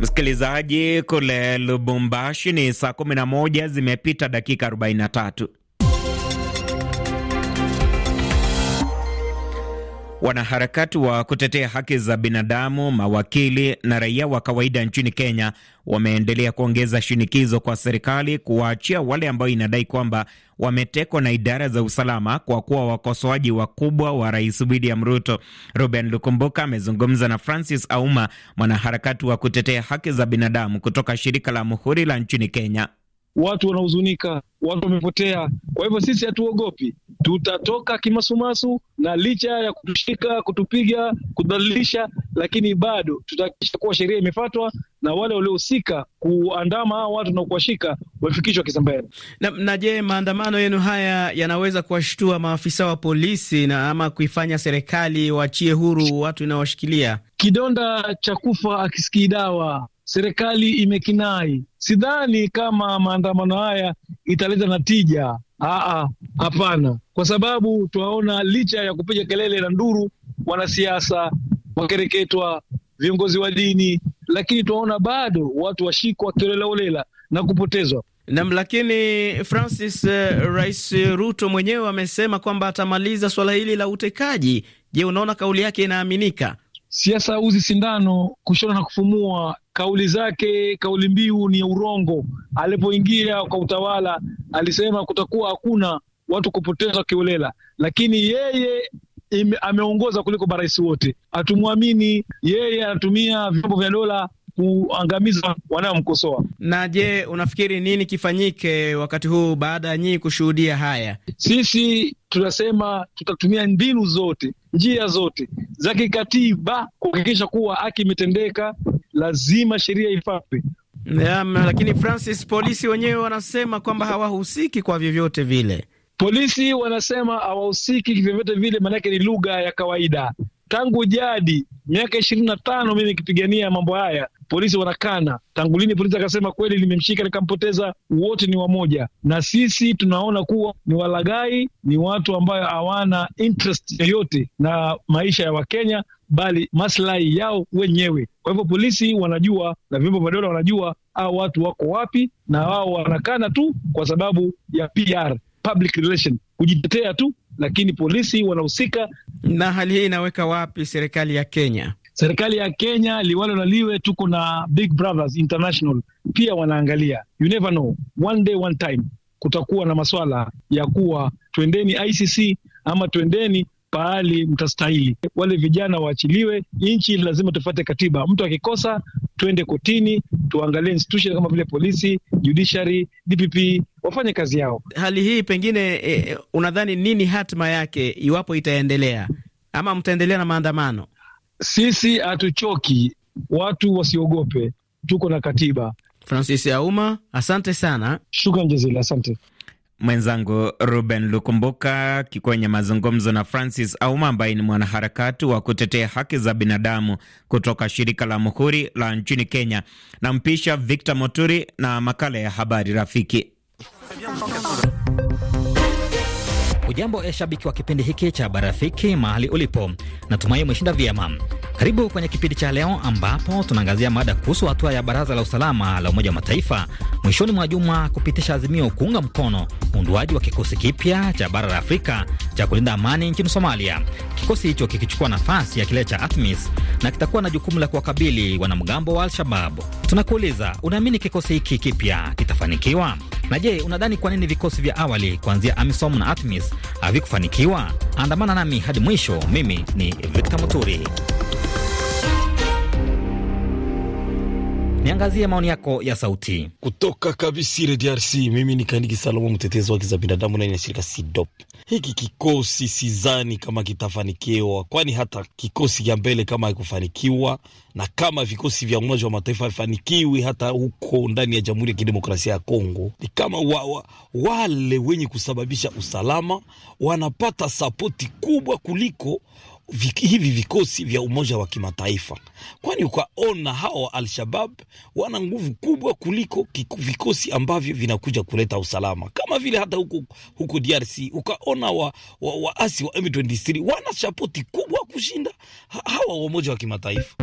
Msikilizaji kule Lubumbashi ni saa 11 zimepita dakika 43. Wanaharakati wa kutetea haki za binadamu, mawakili na raia wa kawaida nchini Kenya wameendelea kuongeza shinikizo kwa serikali kuwaachia wale ambao inadai kwamba wametekwa na idara za usalama kwa kuwa wakosoaji wakubwa wa Rais William Ruto. Ruben Lukumbuka amezungumza na Francis Auma, mwanaharakati wa kutetea haki za binadamu kutoka shirika la Muhuri la nchini Kenya watu wanahuzunika, watu wamepotea. Kwa hivyo sisi hatuogopi, tutatoka kimasumasu, na licha ya kutushika, kutupiga, kudhalilisha, lakini bado tutahakikisha kuwa sheria imefatwa na wale waliohusika kuandama hao watu na kuwashika wamefikishwa Kisambani. Na, na je, maandamano yenu haya yanaweza kuwashtua maafisa wa polisi na ama kuifanya serikali waachie huru watu inaowashikilia? Kidonda cha kufa akisikii dawa serikali imekinai. Sidhani kama maandamano haya italeta natija. Aa, hapana, kwa sababu tunaona licha ya kupiga kelele na nduru, wanasiasa wakereketwa, viongozi wa dini, lakini tunaona bado watu washikwa kiolelaolela na kupotezwa nam. Lakini Francis, eh, Rais Ruto mwenyewe amesema kwamba atamaliza suala hili la utekaji. Je, unaona kauli yake inaaminika? siasa uzi sindano, kushona na kufumua. Kauli zake, kauli mbiu ni ya urongo. Alipoingia kwa utawala, alisema kutakuwa hakuna watu kupoteza kiolela, lakini yeye ime, ameongoza kuliko marais wote. Hatumwamini yeye, anatumia vyombo vya dola kuangamiza wanaomkosoa. Na je, unafikiri nini kifanyike wakati huu baada ya nyinyi kushuhudia haya? Sisi tunasema tutatumia mbinu zote njia zote za kikatiba kuhakikisha kuwa haki imetendeka, lazima sheria ifatwe. Yeah, lakini Francis, polisi wenyewe wanasema kwamba hawahusiki kwa vyovyote vile. Polisi wanasema hawahusiki vyovyote vile, maanake ni lugha ya kawaida. Tangu jadi miaka ishirini na tano mimi nikipigania mambo haya polisi wanakana tangu lini? Polisi akasema kweli, limemshika likampoteza Wote ni wamoja, na sisi tunaona kuwa ni walagai ni watu ambayo hawana interest yoyote na maisha ya Wakenya bali maslahi yao wenyewe. Kwa hivyo polisi wanajua na vyombo vya dola wanajua hao watu wako wapi, na wao wanakana tu kwa sababu ya PR, public relation, kujitetea tu, lakini polisi wanahusika. Na hali hii inaweka wapi serikali ya Kenya? serikali ya Kenya liwalo na liwe, tuko na Big Brothers International pia wanaangalia. You never know, one day one time kutakuwa na maswala ya kuwa twendeni ICC ama twendeni pahali mtastahili. Wale vijana waachiliwe, nchi lazima tufate katiba. Mtu akikosa tuende kotini, tuangalie institution kama vile polisi, judiciary, DPP wafanye kazi yao. Hali hii pengine, eh, unadhani nini hatima yake iwapo itaendelea ama mtaendelea na maandamano? Sisi hatuchoki, watu wasiogope, tuko na katiba. Francis Auma, asante sana. Shukran jazila, asante mwenzangu Ruben Lukumbuka kwenye mazungumzo na Francis Auma ambaye ni mwanaharakati wa kutetea haki za binadamu kutoka shirika la Muhuri la nchini Kenya. Nampisha Victor Moturi na makala ya habari rafiki Hujambo e eh, shabiki wa kipindi hiki cha Barafiki mahali ulipo, natumai umeshinda vyema. Karibu kwenye kipindi cha leo ambapo tunaangazia mada kuhusu hatua ya Baraza la Usalama la Umoja wa Mataifa mwishoni mwa juma kupitisha azimio kuunga mkono uundwaji wa kikosi kipya cha bara la Afrika cha kulinda amani nchini Somalia, kikosi hicho kikichukua nafasi ya kile cha ATMIS na kitakuwa na jukumu la kuwakabili wanamgambo wa al shababu Tunakuuliza, unaamini kikosi hiki kipya kitafanikiwa? Na je, unadhani kwa nini vikosi vya awali kuanzia AMISOM na ATMIS havikufanikiwa? Andamana nami hadi mwisho. Mimi ni Victor Muturi. Niangazie maoni yako ya sauti kutoka Kabisire, DRC. Mimi ni Kandiki Salomo, mtetezi wa haki za binadamu ndani ya shirika SIDOP hiki kikosi sizani kama kitafanikiwa, kwani hata kikosi cha mbele kama haikufanikiwa na kama vikosi vya Umoja wa Mataifa havifanikiwi hata huko ndani ya Jamhuri ya Kidemokrasia ya Kongo, ni kama wa, wa, wale wenye kusababisha usalama wanapata sapoti kubwa kuliko hivi vikosi vya Umoja wa Kimataifa, kwani ukaona hawa wa Al-Shabab wana nguvu kubwa kuliko kiku, vikosi ambavyo vinakuja kuleta usalama, kama vile hata huko, huko DRC ukaona wa, wa, waasi wa M23 wana shapoti kubwa kushinda hawa wa Umoja wa Kimataifa.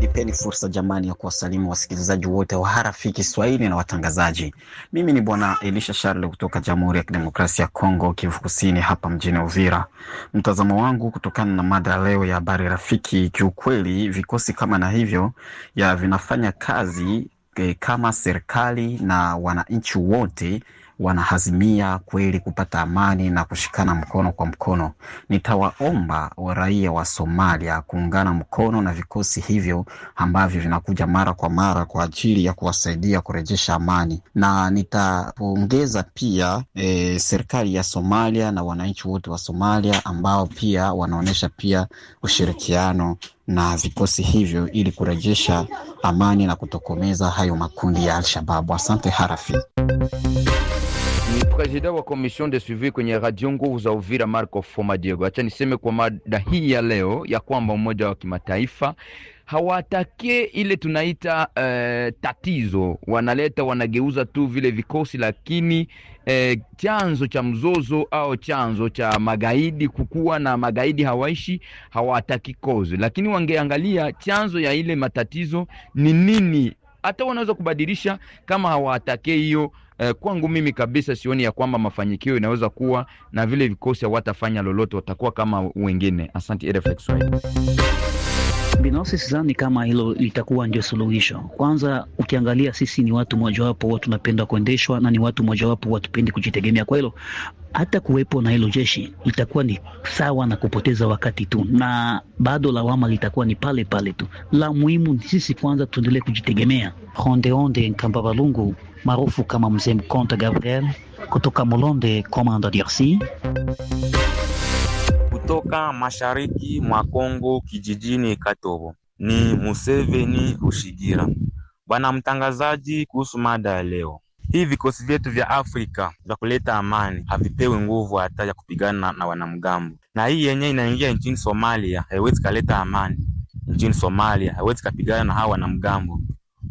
Nipeni fursa jamani ya kuwasalimu wasikilizaji wote wa Harafi Kiswahili na watangazaji. Mimi ni bwana Elisha Sharle kutoka Jamhuri ya Kidemokrasia ya Kongo, Kivu Kusini, hapa mjini Uvira. Mtazamo wangu kutokana na mada ya leo ya habari rafiki, kiukweli vikosi kama na hivyo ya vinafanya kazi eh, kama serikali na wananchi wote wanahazimia kweli kupata amani na kushikana mkono kwa mkono. Nitawaomba raia wa Somalia kuungana mkono na vikosi hivyo ambavyo vinakuja mara kwa mara kwa ajili ya kuwasaidia kurejesha amani, na nitapongeza pia e, serikali ya Somalia na wananchi wote wa Somalia ambao pia wanaonyesha pia ushirikiano na vikosi hivyo ili kurejesha amani na kutokomeza hayo makundi ya alshababu Asante harafi ni president wa komishon de suivi kwenye radio nguvu za Uvira, Marco Foma Diego. Acha niseme kwa mada hii ya leo ya kwamba umoja wa kimataifa hawatakie ile tunaita uh, tatizo, wanaleta wanageuza tu vile vikosi, lakini uh, chanzo cha mzozo au chanzo cha magaidi kukuwa na magaidi hawaishi, hawataki kozi, lakini wangeangalia chanzo ya ile matatizo ni nini hata wanaweza kubadilisha kama hawatake hiyo. Eh, kwangu mimi kabisa sioni ya kwamba mafanikio inaweza kuwa na vile vikosi hawatafanya lolote, watakuwa kama wengine. Asante Kiswahili. Binafsi sidhani kama hilo litakuwa ndio suluhisho. Kwanza ukiangalia, sisi ni watu mojawapo huwa tunapenda kuendeshwa na ni watu mojawapo huwa tupendi kujitegemea. Kwa hilo hata kuwepo na hilo jeshi litakuwa ni sawa na kupoteza wakati tu, na bado lawama litakuwa ni pale pale tu. La muhimu ni sisi kwanza tuendelee kujitegemea. Rondeonde Nkamba Balungu maarufu kama Mzee Mkonta Gabriel kutoka Molonde, Komanda, DRC kutoka mashariki mwa Kongo kijijini Katobo. Ni Museveni Rushigira. Bwana mtangazaji, kuhusu mada ya leo hii, vikosi vyetu vya Afrika vya kuleta amani havipewi nguvu hata ya kupigana na wanamgambo, na hii yenyewe inaingia nchini Somalia haiwezi kaleta amani nchini Somalia, haiwezi kapigana na hawa wanamgambo.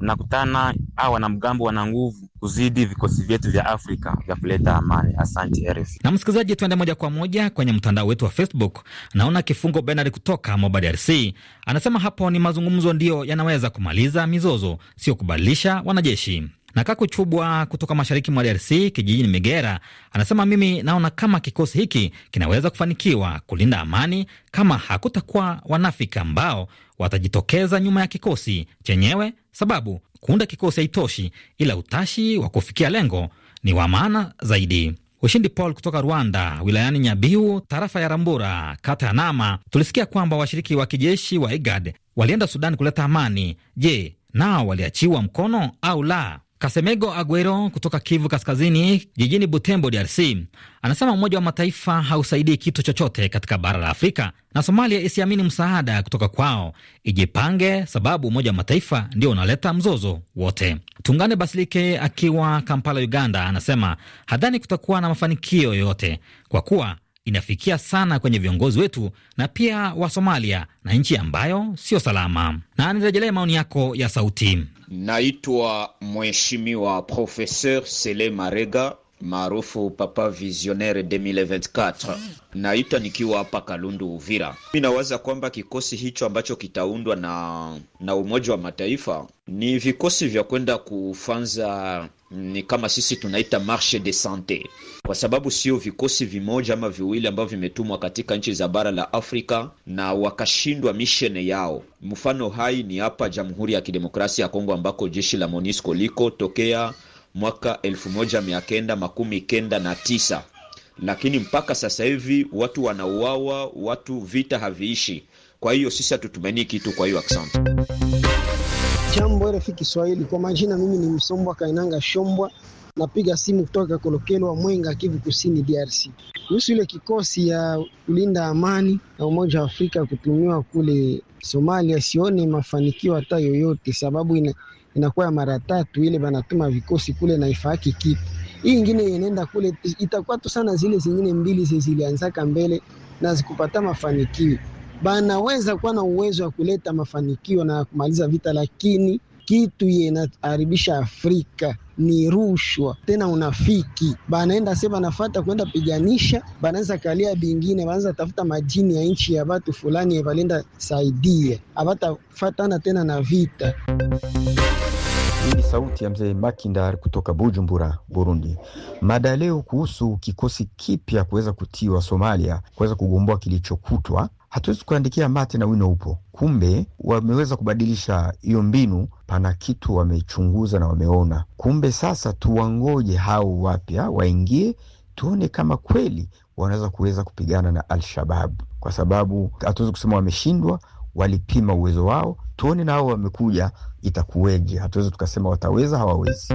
Unakutana hawa wanamgambo wana nguvu kuzidi vikosi vyetu vya Afrika vya kuleta amani. Asante RF. Na msikilizaji, tuende moja kwa moja kwenye mtandao wetu wa Facebook. Naona Kifungo Benard kutoka Moba DRC anasema hapo ni mazungumzo ndiyo yanaweza kumaliza mizozo, sio kubadilisha wanajeshi. Na Kaku Chubwa kutoka mashariki mwa DRC kijijini Migera anasema, mimi naona kama kikosi hiki kinaweza kufanikiwa kulinda amani kama hakutakuwa wanafiki ambao watajitokeza nyuma ya kikosi chenyewe, sababu kuunda kikosi haitoshi, ila utashi wa kufikia lengo ni wa maana zaidi. Ushindi Paul kutoka Rwanda, wilayani Nyabiu, tarafa ya Rambura, kata ya Nama. Tulisikia kwamba washiriki wa kijeshi wa IGAD walienda Sudani kuleta amani. Je, nao waliachiwa mkono au la? Kasemego Aguero kutoka Kivu Kaskazini, jijini Butembo, DRC, anasema Umoja wa Mataifa hausaidii kitu chochote katika bara la Afrika na Somalia isiamini msaada kutoka kwao, ijipange sababu Umoja wa Mataifa ndio unaleta mzozo wote. Tungane Basilike akiwa Kampala, Uganda, anasema hadhani kutakuwa na mafanikio yoyote kwa kuwa inafikia sana kwenye viongozi wetu na pia wa Somalia na nchi ambayo sio salama. Na nirejelee maoni yako ya sauti. Naitwa Mheshimiwa Professeur Sele Marega maarufu Papa Visionnaire 2024. Naita nikiwa hapa Kalundu, Uvira. Mi nawaza kwamba kikosi hicho ambacho kitaundwa na, na Umoja wa Mataifa ni vikosi vya kwenda kufanza ni kama sisi tunaita marche de sante, kwa sababu sio vikosi vimoja ama viwili ambavyo vimetumwa katika nchi za bara la Afrika na wakashindwa mishene yao. Mfano hai ni hapa Jamhuri ya Kidemokrasia ya Kongo ambako jeshi la MONUSCO liko tokea mwaka elfu moja mia kenda makumi kenda na tisa lakini mpaka sasa hivi watu wanauawa, watu vita haviishi. Kwa hiyo sisi hatutumaini kitu. Kwa hiyo asante. Jambo RFI Kiswahili, kwa majina mimi ni Msombwa Kainanga Shombwa, napiga simu kutoka Kolokelwa, Mwenga, Kivu Kusini, DRC, kuhusu ile kikosi ya kulinda amani na Umoja wa Afrika kutumiwa kule Somalia. Sione mafanikio hata yoyote, sababu ina inakuwa mara tatu ile banatuma vikosi kule na ifaki kitu hii ingine inaenda kule, itakuwa tu sana zile zingine mbili zilianzaka mbele na zikupata mafanikio, banaweza kuwa na uwezo wa kuleta mafanikio na kumaliza vita, lakini kitu yenaharibisha Afrika ni rushwa tena unafiki. Banaenda se banafata kwenda piganisha, banaanza kalia bingine, banaanza tafuta majini ya nchi ya batu fulani balenda saidia, abatafatana tena na vita. Hii ni sauti ya mzee Makindar kutoka Bujumbura, Burundi. Mada ya leo kuhusu kikosi kipya kuweza kutiwa Somalia, kuweza kugomboa kilichokutwa hatuwezi kuandikia mate na wino upo. Kumbe wameweza kubadilisha hiyo mbinu, pana kitu wamechunguza na wameona. Kumbe sasa tuwangoje hao wapya waingie, tuone kama kweli wanaweza kuweza kupigana na Alshababu, kwa sababu hatuwezi kusema wameshindwa, walipima uwezo wao. Tuone nao wamekuja, itakuweje? Hatuwezi tukasema wataweza, hawawezi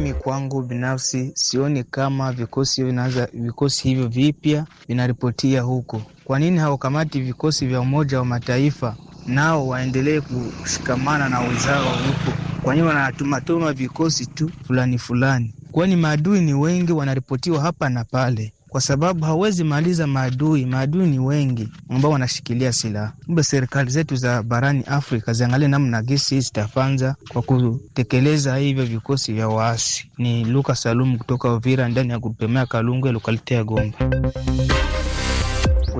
mimi kwangu binafsi sioni kama vikosi vinaanza vikosi hivyo vipya vinaripotia huko. Kwa nini hawakamati vikosi vya Umoja wa Mataifa nao waendelee kushikamana na wenzao huko? Kwa nini wanatumatuma vikosi tu fulani fulani? Kwani maadui ni wengi, wanaripotiwa hapa na pale kwa sababu hawezi maliza maadui. Maadui ni wengi ambao wanashikilia silaha. Kumbe serikali zetu za barani Afrika ziangalie namna gesi zitafanza kwa kutekeleza hivyo vikosi vya waasi. Ni Luka Salumu kutoka Uvira ndani ya kupemea kalungu Kalungwe lokalite ya Gomba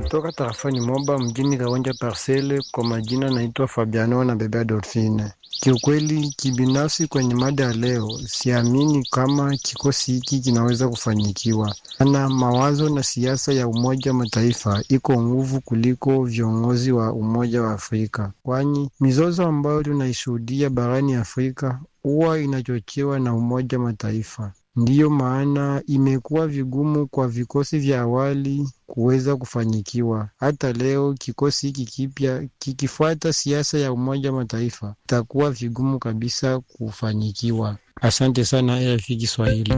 kutoka tarafani Moba mjini Kaonja Parcele. Kwa majina naitwa Fabiano na bebea Dolfine. Kiukweli kibinafsi, kwenye mada ya leo, siamini kama kikosi hiki kinaweza kufanyikiwa, ana mawazo na siasa ya Umoja wa Mataifa iko nguvu kuliko viongozi wa Umoja wa Afrika, kwani mizozo ambayo tunaishuhudia barani Afrika huwa inachochewa na Umoja wa Mataifa. Ndiyo maana imekuwa vigumu kwa vikosi vya awali kuweza kufanyikiwa. Hata leo kikosi hiki kipya kikifuata siasa ya Umoja Mataifa itakuwa vigumu kabisa kufanyikiwa. Asante sana RFI Kiswahili.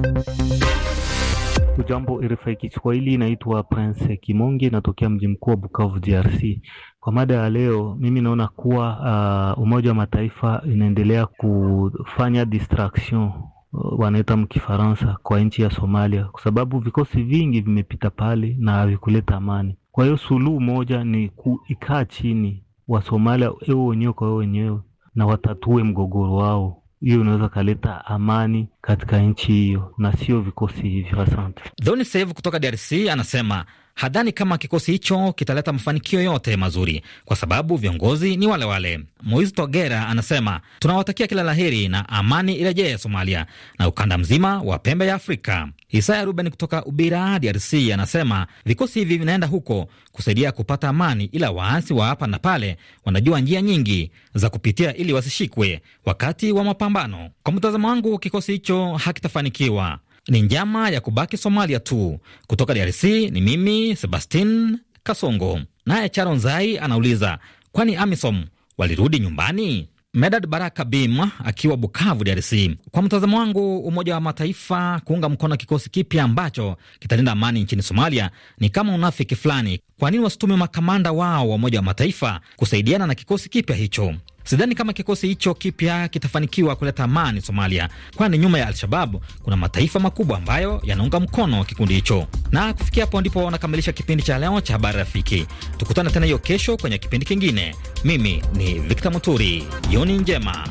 Ujambo RFI Kiswahili, inaitwa Prince Kimonge, natokea mji mkuu wa Bukavu, DRC. Kwa mada ya leo, mimi naona kuwa uh, Umoja wa Mataifa inaendelea kufanya distraction wanaita mkifaransa kwa nchi ya Somalia, kwa sababu vikosi vingi vimepita pale na havikuleta amani. Kwa hiyo suluhu moja ni kuikaa chini wa Somalia wao wenyewe kwa wao wenyewe na watatue mgogoro wao. Hiyo inaweza kaleta amani katika nchi hiyo na sio vikosi hivyo. Asante. Dhoni kutoka DRC anasema hadhani kama kikosi hicho kitaleta mafanikio yote mazuri kwa sababu viongozi ni wale wale. Moise Togera anasema tunawatakia kila laheri na amani irejee Somalia na ukanda mzima wa pembe ya Afrika. Isaya Ruben kutoka Ubira, DRC anasema vikosi hivi vinaenda huko kusaidia kupata amani, ila waasi wa hapa na pale wanajua njia nyingi za kupitia ili wasishikwe wakati wa mapambano. Kwa mtazamo wangu, kikosi hicho hakitafanikiwa ni njama ya kubaki Somalia tu. Kutoka DRC ni mimi Sebastin Kasongo. Naye Charon Zai anauliza kwani AMISOM walirudi nyumbani? Medad Baraka Bim akiwa Bukavu, DRC. Kwa mtazamo wangu, Umoja wa Mataifa kuunga mkono kikosi kipya ambacho kitalinda amani nchini Somalia ni kama unafiki fulani. Kwa nini wasitume makamanda wao wa Umoja wa Mataifa kusaidiana na kikosi kipya hicho? Sidhani kama kikosi hicho kipya kitafanikiwa kuleta amani Somalia, kwani nyuma ya Al-Shabab kuna mataifa makubwa ambayo yanaunga mkono kikundi hicho. Na kufikia hapo ndipo wanakamilisha kipindi cha leo cha habari rafiki. Tukutane tena hiyo kesho kwenye kipindi kingine. Mimi ni Victor Muturi, jioni njema.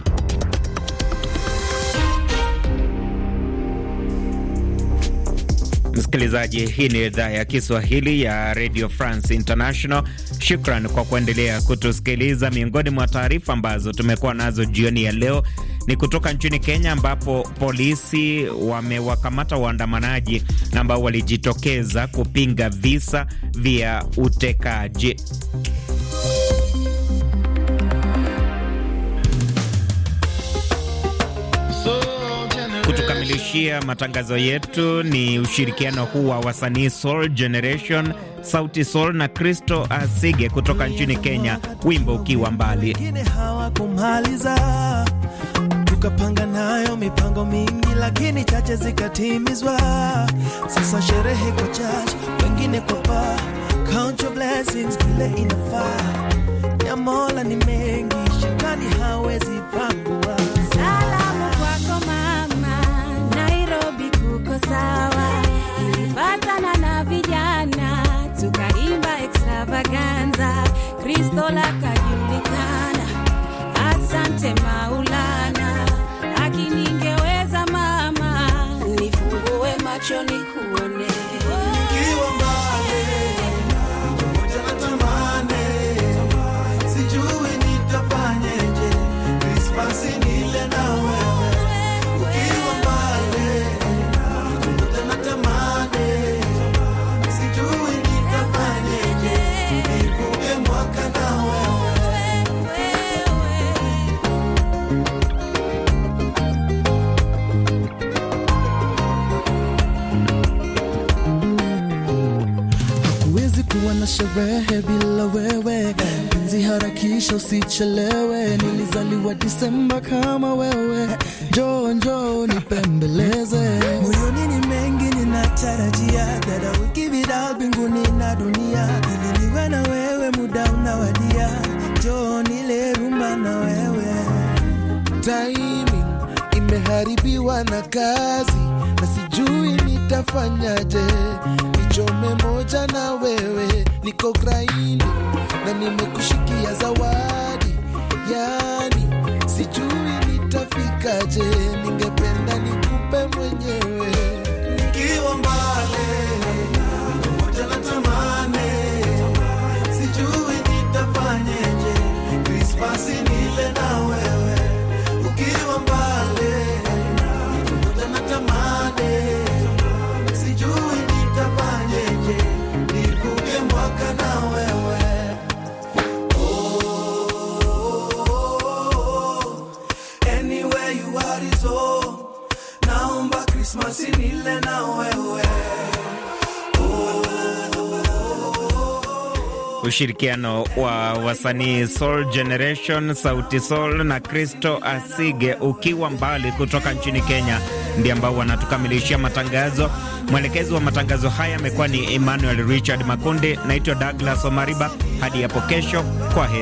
Msikilizaji, hii ni idhaa ya Kiswahili ya Radio France International. Shukran kwa kuendelea kutusikiliza. Miongoni mwa taarifa ambazo tumekuwa nazo jioni ya leo ni kutoka nchini Kenya, ambapo polisi wamewakamata waandamanaji ambao walijitokeza kupinga visa vya utekaji. kukamilishia matangazo yetu ni ushirikiano huu wa wasanii Soul Generation, Sauti Soul na Kristo Asige kutoka nchini Kenya, wimbo ukiwa mbali. Tukapanga nayo mipango mingi, lakini chache zikatimizwa. Sasa sherehe kwa chache, wengine kwa pa, Count your blessings, vile inafaa ya Mola ni mengi, shetani hawezi panga Kristo lakajulikana. Asante Maulana, akiningeweza mama, nifungue macho nikuone. kuwa na sherehe bila wewe. Penzi harakisha, usichelewe. Nilizaliwa Disemba kama wewe, njoo njoo nipembeleze. Moyoni ni mengi ninatarajia, dada, wiki mbinguni na dunia, ili niwe na wewe, muda unawadia, njoo nile rumba na wewe. Taimi imeharibiwa na kazi na sijui nitafanyaje, nichome moja na wewe niko Ukraini na nimekushikia zawadi, yani sijui nitafikaje, ningependa nikupe mwenyewe nikiwa mbale moja na tamane, sijui nitafanyeje Krismasi nile wewe ushirikiano wa wasanii Soul Generation, Sauti Soul na Kristo Asige ukiwa mbali kutoka nchini Kenya, ndio ambao wanatukamilishia matangazo. Mwelekezi wa matangazo haya amekuwa ni Emmanuel Richard Makundi. Naitwa Douglas Omariba, hadi hapo kesho, kwa heri.